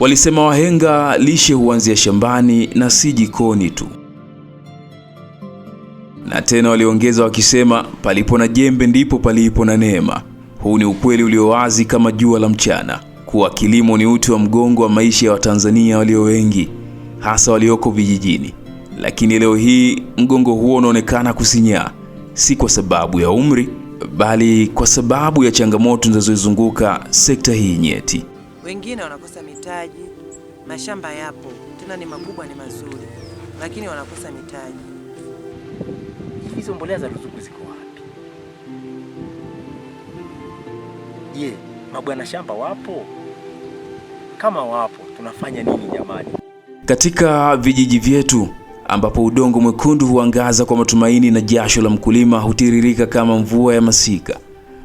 Walisema wahenga lishe huanzia shambani na si jikoni tu. Na tena waliongeza wakisema, palipo na jembe ndipo palipo na neema. Huu ni ukweli ulio wazi kama jua la mchana kuwa kilimo ni uti wa mgongo wa maisha ya Watanzania walio wengi, hasa walioko vijijini. Lakini leo hii mgongo huo unaonekana kusinyaa, si kwa sababu ya umri, bali kwa sababu ya changamoto zinazozunguka sekta hii nyeti. Wengine wanakosa mitaji. Mashamba yapo tena, ni makubwa, ni mazuri, lakini wanakosa mitaji. Hizo mbolea za ruzuku ziko wapi? Je, mabwana shamba wapo? Kama wapo, tunafanya nini jamani? Katika vijiji vyetu ambapo udongo mwekundu huangaza kwa matumaini na jasho la mkulima hutiririka kama mvua ya masika,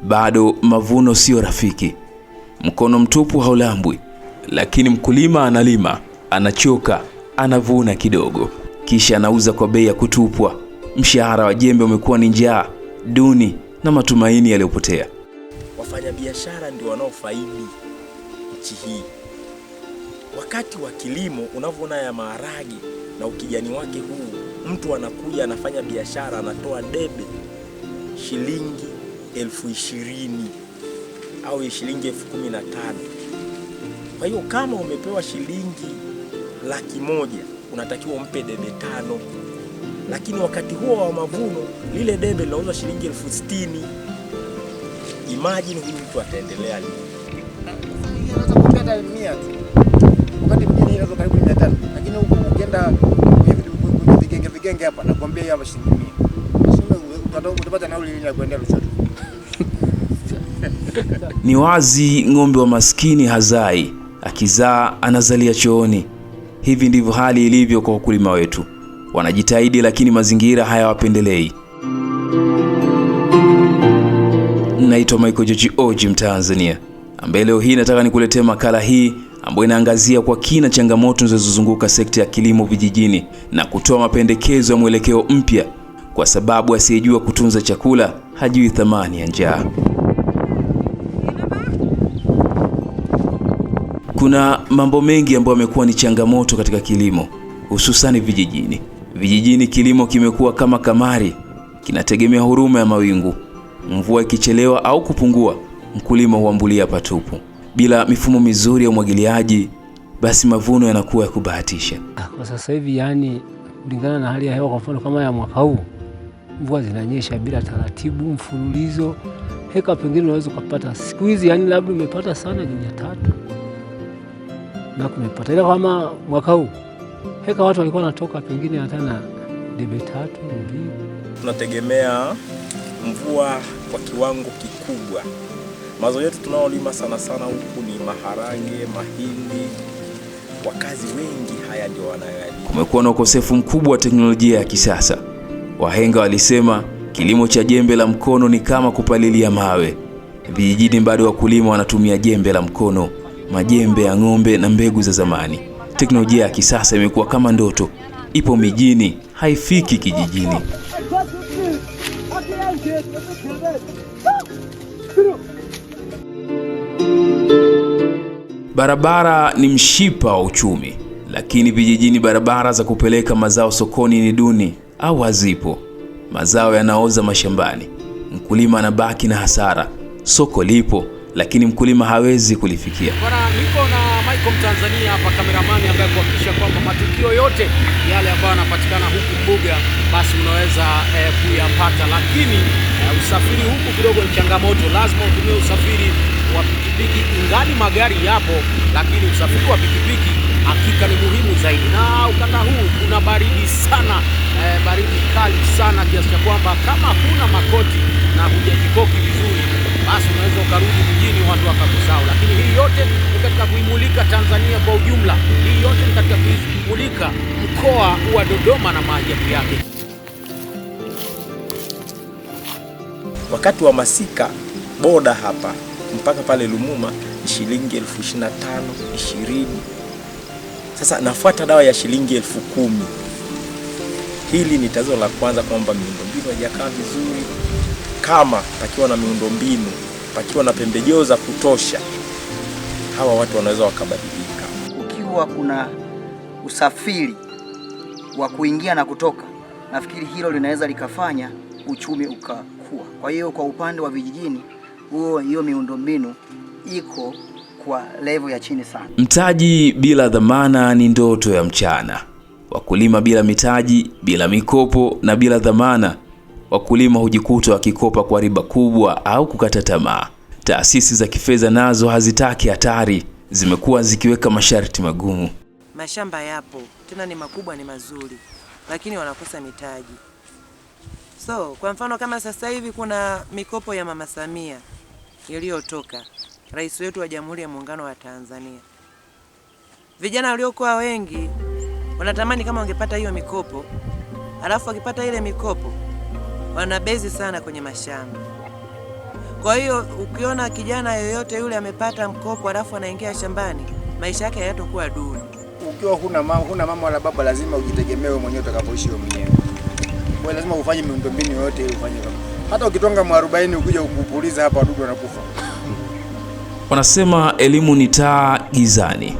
bado mavuno siyo rafiki. Mkono mtupu haulambwi, lakini mkulima analima, anachoka, anavuna kidogo, kisha anauza kwa bei ya kutupwa. Mshahara wa jembe umekuwa ni njaa, duni na matumaini yaliyopotea. Wafanyabiashara ndio wanaofaidi nchi hii. Wakati wa kilimo unavyoona ya maharage na ukijani wake huu, mtu anakuja anafanya biashara, anatoa debe shilingi elfu ishirini au shilingi elfu kumi na tano. Kwa hiyo kama umepewa shilingi laki moja unatakiwa umpe debe tano, lakini wakati huo wa mavuno lile debe linauzwa shilingi elfu sitini. Imajini huyu mtu ataendelea lini? Wakati mjini inazo karibu mia tano, lakini huku ukienda vigenge vigenge hapa nakwambia shilingi mia utapata nauli ya kuendea Lushoto. Ni wazi ng'ombe wa maskini hazai, akizaa anazalia chooni. Hivi ndivyo hali ilivyo kwa wakulima wetu, wanajitahidi lakini mazingira hayawapendelei. Naitwa Michael Joji Oji, Mtanzania, ambaye leo hii nataka nikuletee makala hii ambayo inaangazia kwa kina changamoto zinazozunguka sekta ya kilimo vijijini na kutoa mapendekezo ya mwelekeo mpya, kwa sababu asiyejua kutunza chakula hajui thamani ya njaa. Kuna mambo mengi ambayo yamekuwa ni changamoto katika kilimo, hususani vijijini. Vijijini kilimo kimekuwa kama kamari, kinategemea huruma ya mawingu. Mvua ikichelewa au kupungua, mkulima huambulia patupu. Bila mifumo mizuri ya umwagiliaji, basi mavuno yanakuwa ya kubahatisha. Kwa sasa hivi, yani kulingana na hali ya hewa, kwa mfano kama ya mwaka huu, mvua zinanyesha bila taratibu, mfululizo, heka pengine unaweza ukapata siku hizi, yani labda umepata sana gunia tatu na kumepata, ila kama mwaka huu heka watu walikuwa wanatoka pengine hata na debe tatu mbili. Tunategemea mvua kwa kiwango kikubwa. Mazao yetu tunaolima sana sana huku ni maharage, mahindi. Wakazi wengi haya ndio wanayalima. Kumekuwa na ukosefu mkubwa wa teknolojia ya kisasa. Wahenga walisema kilimo cha jembe la mkono ni kama kupalilia mawe. Vijijini bado wakulima wanatumia jembe la mkono majembe ya ng'ombe na mbegu za zamani. Teknolojia ya kisasa imekuwa kama ndoto, ipo mijini, haifiki kijijini. Barabara ni mshipa wa uchumi, lakini vijijini barabara za kupeleka mazao sokoni ni duni au hazipo. Mazao yanaoza mashambani, mkulima anabaki na hasara. Soko lipo lakini mkulima hawezi kulifikia. Bwana, niko na Michael Mtanzania hapa kameramani, ambaye kuhakikisha kwamba matukio yote yale ambayo yanapatikana huku mbuga basi unaweza eh, kuyapata, lakini eh, usafiri huku kidogo ni changamoto, lazima utumie usafiri wa pikipiki, ingali magari yapo, lakini usafiri wa pikipiki hakika ni muhimu zaidi, na ukanda huu kuna baridi sana, eh, baridi kali sana kiasi cha kwamba kama huna makoti na hujajikoki basi unaweza ukarudi mjini watu wakakusahau. Lakini hii yote ni katika kuimulika Tanzania kwa ujumla, hii yote ni katika kuimulika mkoa wa Dodoma na maajabu yake. Wakati wa masika boda hapa mpaka pale Lumuma shilingi elfu ishirini na tano ishirini. Sasa nafuata dawa ya shilingi elfu kumi. Hili ni tatizo la kwanza, kwamba miundombinu haijakaa vizuri kama pakiwa na miundombinu, pakiwa na pembejeo za kutosha, hawa watu wanaweza wakabadilika. Ukiwa kuna usafiri wa kuingia na kutoka, nafikiri hilo linaweza likafanya uchumi ukakua. Kwa hiyo kwa upande wa vijijini, huo hiyo miundombinu iko kwa level ya chini sana. Mtaji bila dhamana ni ndoto ya mchana. Wakulima bila mitaji, bila mikopo na bila dhamana wakulima hujikuta wakikopa kwa riba kubwa au kukata tamaa. Taasisi za kifedha nazo hazitaki hatari, zimekuwa zikiweka masharti magumu. Mashamba yapo tena ni makubwa, ni mazuri, lakini wanakosa mitaji. So kwa mfano kama sasa hivi kuna mikopo ya Mama Samia iliyotoka rais wetu wa Jamhuri ya Muungano wa Tanzania. Vijana waliokuwa wengi wanatamani kama wangepata hiyo mikopo, alafu wakipata ile mikopo wanabezi sana kwenye mashamba. Kwa hiyo ukiona kijana yoyote yule amepata mkopo alafu anaingia shambani, maisha yake hayatokuwa duni. Ukiwa huna mama, huna mama wala baba, lazima ujitegemee mwenyewe utakapoishi wewe mwenyewe. Kwa lazima ufanye miundombinu yoyote ili ufanye kama. Hata ukitonga mwarobaini ukija ukupuliza hapa wadudu wanakufa. Wanasema elimu ni taa gizani.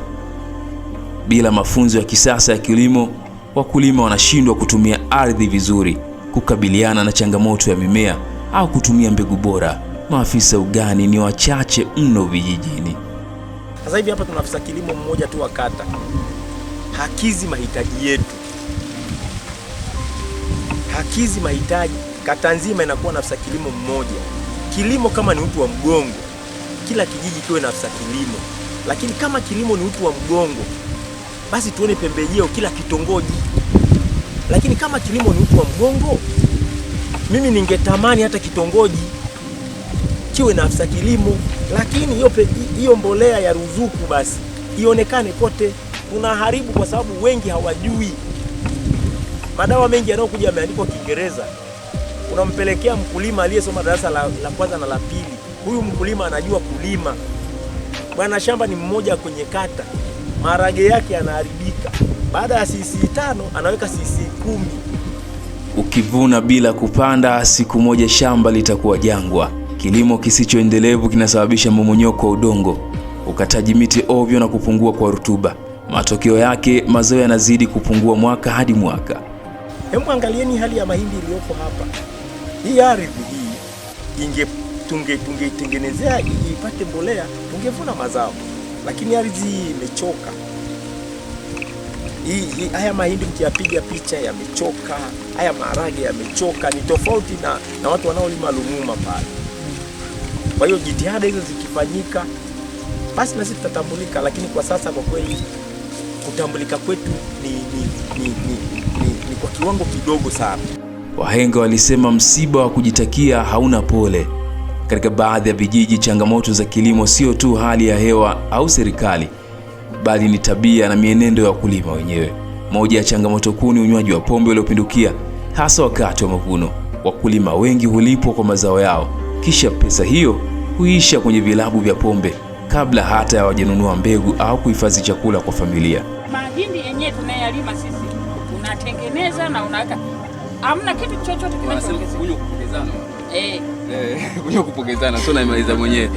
Bila mafunzo ya kisasa ya kilimo, wakulima wanashindwa kutumia ardhi vizuri kukabiliana na changamoto ya mimea au kutumia mbegu bora. Maafisa ugani ni wachache mno vijijini. Sasa hivi hapa tuna afisa kilimo mmoja tu wa kata, hakizi mahitaji yetu, hakizi mahitaji. Kata nzima inakuwa na afisa kilimo mmoja. Kilimo kama ni uti wa mgongo, kila kijiji kiwe na afisa kilimo, lakini kama kilimo ni uti wa mgongo, basi tuone pembejeo kila kitongoji. Lakini kama kilimo ni uti wa mgongo, mimi ningetamani hata kitongoji kiwe na afisa kilimo, lakini hiyo hiyo mbolea ya ruzuku basi ionekane kote. kuna haribu kwa sababu wengi hawajui. Madawa mengi yanayokuja yameandikwa Kiingereza, unampelekea mkulima aliyesoma darasa la, la kwanza na la pili. Huyu mkulima anajua kulima, bwana shamba ni mmoja kwenye kata, maharage yake yanaharibika baada ya CC tano anaweka CC kumi. Ukivuna bila kupanda, siku moja shamba litakuwa jangwa. Kilimo kisichoendelevu kinasababisha mmomonyoko wa udongo, ukataji miti ovyo na kupungua kwa rutuba. Matokeo yake mazao yanazidi kupungua mwaka hadi mwaka. Hebu angalieni hali ya mahindi iliyopo hapa. Hii ardhi hii inge tungeitengenezea tunge, ipate mbolea tungevuna mazao, lakini ardhi hii imechoka hii, haya mahindi mkiyapiga picha yamechoka, haya maharage yamechoka. Ni tofauti na, na watu wanaolima Lumuma pale. Kwa hiyo jitihada hizo zikifanyika, basi na sisi tutatambulika, lakini kwa sasa kwa kweli kutambulika kwetu ni, ni, ni, ni, ni, ni kwa kiwango kidogo sana. Wahenga walisema msiba wa kujitakia hauna pole. Katika baadhi ya vijiji, changamoto za kilimo sio tu hali ya hewa au serikali bali ni tabia na mienendo ya wakulima wenyewe. Moja ya changamoto kuu ni unywaji wa pombe uliopindukia, hasa wakati wa mavuno. Wakulima wengi hulipwa kwa mazao yao, kisha pesa hiyo huisha kwenye vilabu vya pombe kabla hata hawajanunua mbegu au kuhifadhi chakula kwa familia. Mahindi yenyewe tunayalima sisi, unatengeneza na unaweka, hamna kitu chochote kinachoongezeka. Eh, eh kupongezana, sio naimaliza mwenyewe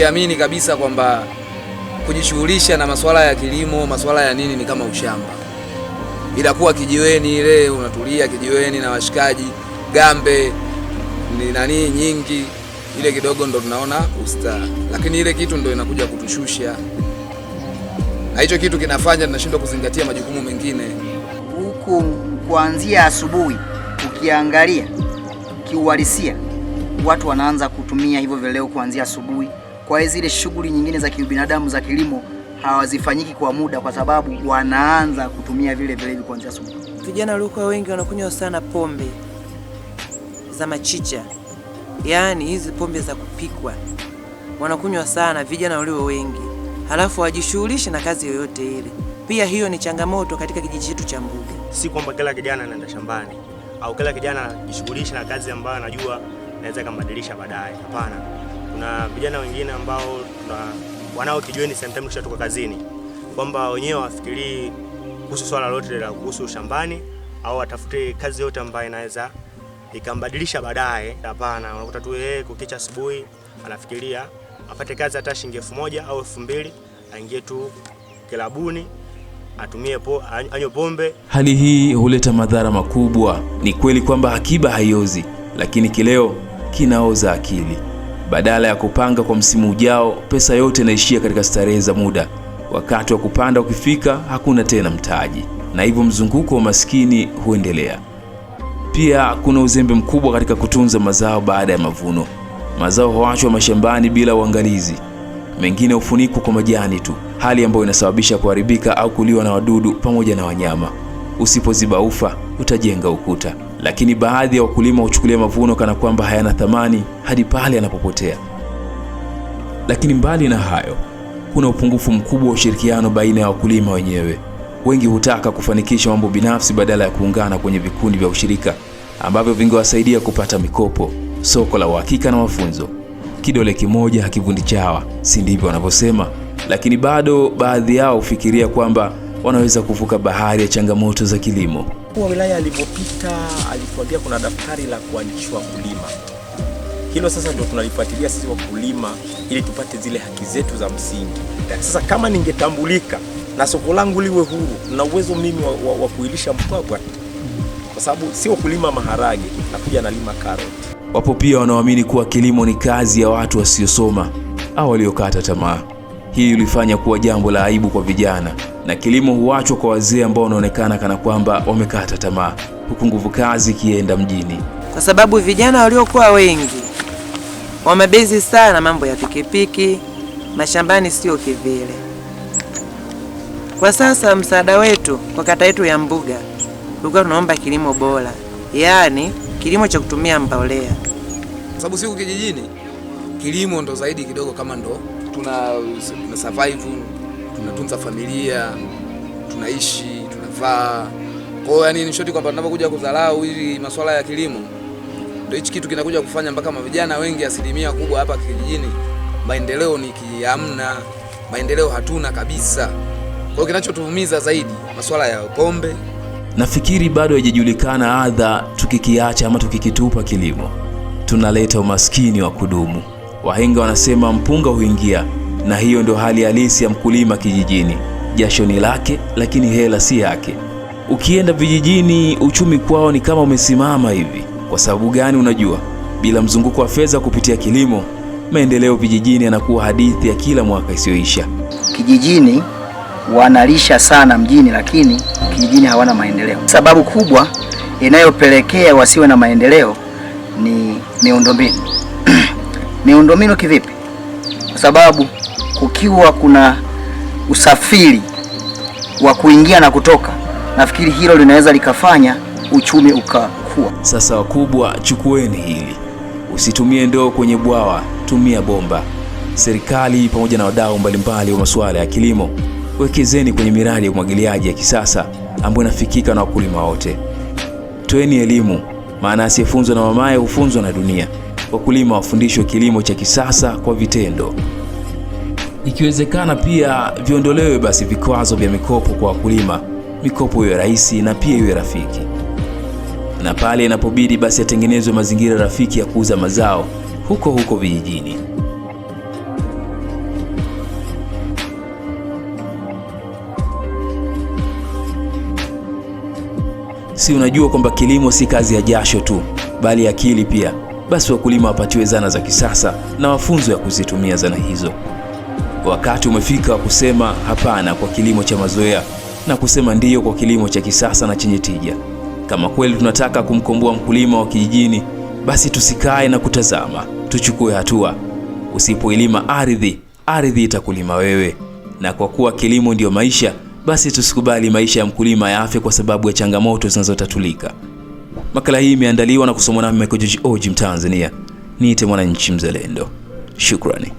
tukiamini kabisa kwamba kujishughulisha na masuala ya kilimo, masuala ya nini ni kama ushamba, ila kuwa kijiweni ile unatulia kijiweni na washikaji gambe ni nani nyingi ile kidogo ndo tunaona usta lakini ile kitu ndo inakuja kutushusha, na hicho kitu kinafanya tunashindwa kuzingatia majukumu mengine. Huku kuanzia asubuhi, ukiangalia kiuhalisia, watu wanaanza kutumia hivyo vileo kuanzia asubuhi. Kwa hiyo zile shughuli nyingine za kibinadamu za kilimo hawazifanyiki kwa muda, kwa sababu wanaanza kutumia vile vilevi kuanzia asubuhi. Vijana waliokuwa wengi wanakunywa sana pombe za machicha, yaani hizi pombe za kupikwa wanakunywa sana vijana walio wengi, halafu hawajishughulishi na kazi yoyote ile. Pia hiyo ni changamoto katika kijiji chetu cha Mbuga. Si kwamba kila kijana anaenda shambani au kila kijana anajishughulisha na kazi ambayo anajua naweza ikambadilisha baadaye, hapana kuna vijana wengine ambao wanao kijiweni sometime kushatoka kazini, kwamba wenyewe wafikirii kuhusu swala lote la kuhusu shambani au watafute kazi yote ambayo inaweza ikambadilisha baadaye. Hapana, unakuta tu yeye kukicha asubuhi anafikiria apate kazi hata shilingi elfu moja au elfu mbili aingie tu kilabuni atumie po, anywe pombe. Hali hii huleta madhara makubwa. Ni kweli kwamba akiba haiozi, lakini kileo kinaoza akili. Badala ya kupanga kwa msimu ujao, pesa yote inaishia katika starehe za muda. Wakati wa kupanda ukifika, hakuna tena mtaji, na hivyo mzunguko wa maskini huendelea. Pia kuna uzembe mkubwa katika kutunza mazao baada ya mavuno. Mazao huachwa mashambani bila uangalizi, mengine hufunikwa kwa majani tu, hali ambayo inasababisha kuharibika au kuliwa na wadudu pamoja na wanyama. Usipozibaufa utajenga ukuta lakini baadhi ya wakulima huchukulia mavuno kana kwamba hayana thamani hadi pale yanapopotea. Lakini mbali na hayo, kuna upungufu mkubwa wa ushirikiano baina ya wakulima wenyewe. Wengi hutaka kufanikisha mambo binafsi badala ya kuungana kwenye vikundi vya ushirika ambavyo vingewasaidia kupata mikopo, soko la uhakika na mafunzo. Kidole kimoja hakivundi chawa, si ndivyo wanavyosema? Lakini bado baadhi yao hufikiria kwamba wanaweza kuvuka bahari ya changamoto za kilimo. Mkuu wa wilaya alipopita alituambia kuna daftari la kuandikishwa wakulima. Hilo sasa ndio tunalifuatilia sisi wakulima, ili tupate zile haki zetu za msingi. Sasa kama ningetambulika na soko langu liwe huru na uwezo mimi wa, wa, wa kuilisha mpwapwa, kwa sababu sio kulima maharage, nakuja nalima karoti. Wapo pia wanaoamini kuwa kilimo ni kazi ya watu wasiosoma au waliokata tamaa. Hii ilifanya kuwa jambo la aibu kwa vijana na kilimo huachwa kwa wazee ambao wanaonekana kana kwamba wamekata tamaa, huku nguvu kazi ikienda mjini, kwa sababu vijana waliokuwa wengi wamebezi sana mambo ya pikipiki mashambani, sio kivile. Kwa sasa msaada wetu kwa kata yetu ya Mbuga tulikuwa tunaomba kilimo bora, yaani kilimo cha kutumia mbolea, kwa sababu siku kijijini kilimo ndo zaidi kidogo, kama ndo tuna survive tunatunza familia, tunaishi, tunavaa. Kwa hiyo yani, ni shoti kwamba tunapokuja kudharau hili masuala ya kilimo, ndio hichi kitu kinakuja kufanya mpaka mavijana wengi, asilimia kubwa hapa kijijini, maendeleo ni kiamna, maendeleo hatuna kabisa. Kwa hiyo kinachotuumiza zaidi masuala ya pombe. Nafikiri bado haijajulikana adha, tukikiacha ama tukikitupa kilimo tunaleta umaskini wa kudumu. Wahenga wanasema mpunga huingia na hiyo ndio hali halisi ya mkulima kijijini. Jasho ni lake, lakini hela si yake. Ukienda vijijini, uchumi kwao ni kama umesimama hivi. Kwa sababu gani? Unajua, bila mzunguko wa fedha kupitia kilimo, maendeleo vijijini yanakuwa hadithi ya kila mwaka isiyoisha. Kijijini wanalisha sana mjini, lakini kijijini hawana maendeleo. Sababu kubwa inayopelekea wasiwe na maendeleo ni miundombinu. Miundombinu kivipi? Kwa sababu kukiwa kuna usafiri wa kuingia na kutoka, nafikiri hilo linaweza likafanya uchumi ukakua. Sasa wakubwa, chukueni hili, usitumie ndoo kwenye bwawa, tumia bomba. Serikali pamoja na wadau mbalimbali wa masuala ya kilimo, wekezeni kwenye miradi ya umwagiliaji ya kisasa ambayo inafikika na wakulima wote. Toeni elimu, maana asiyefunzwa na mamaye hufunzwa na dunia. Wakulima wafundishwe kilimo cha kisasa kwa vitendo. Ikiwezekana pia viondolewe basi vikwazo vya mikopo kwa wakulima, mikopo iwe rahisi na pia iwe rafiki, na pale inapobidi basi yatengenezwe mazingira rafiki ya kuuza mazao huko huko vijijini. Si unajua kwamba kilimo si kazi ya jasho tu, bali akili pia. Basi wakulima wapatiwe zana za kisasa na mafunzo ya kuzitumia zana hizo. Wakati umefika kusema hapana kwa kilimo cha mazoea na kusema ndiyo kwa kilimo cha kisasa na chenye tija. Kama kweli tunataka kumkomboa mkulima wa kijijini, basi tusikae na kutazama, tuchukue hatua. Usipoilima ardhi, ardhi itakulima wewe. Na kwa kuwa kilimo ndiyo maisha, basi tusikubali maisha ya mkulima yafe kwa sababu ya changamoto zinazotatulika. Makala hii imeandaliwa na kusomwa nami Michael Oji, Mtanzania. Niite mwananchi mzalendo. Shukrani.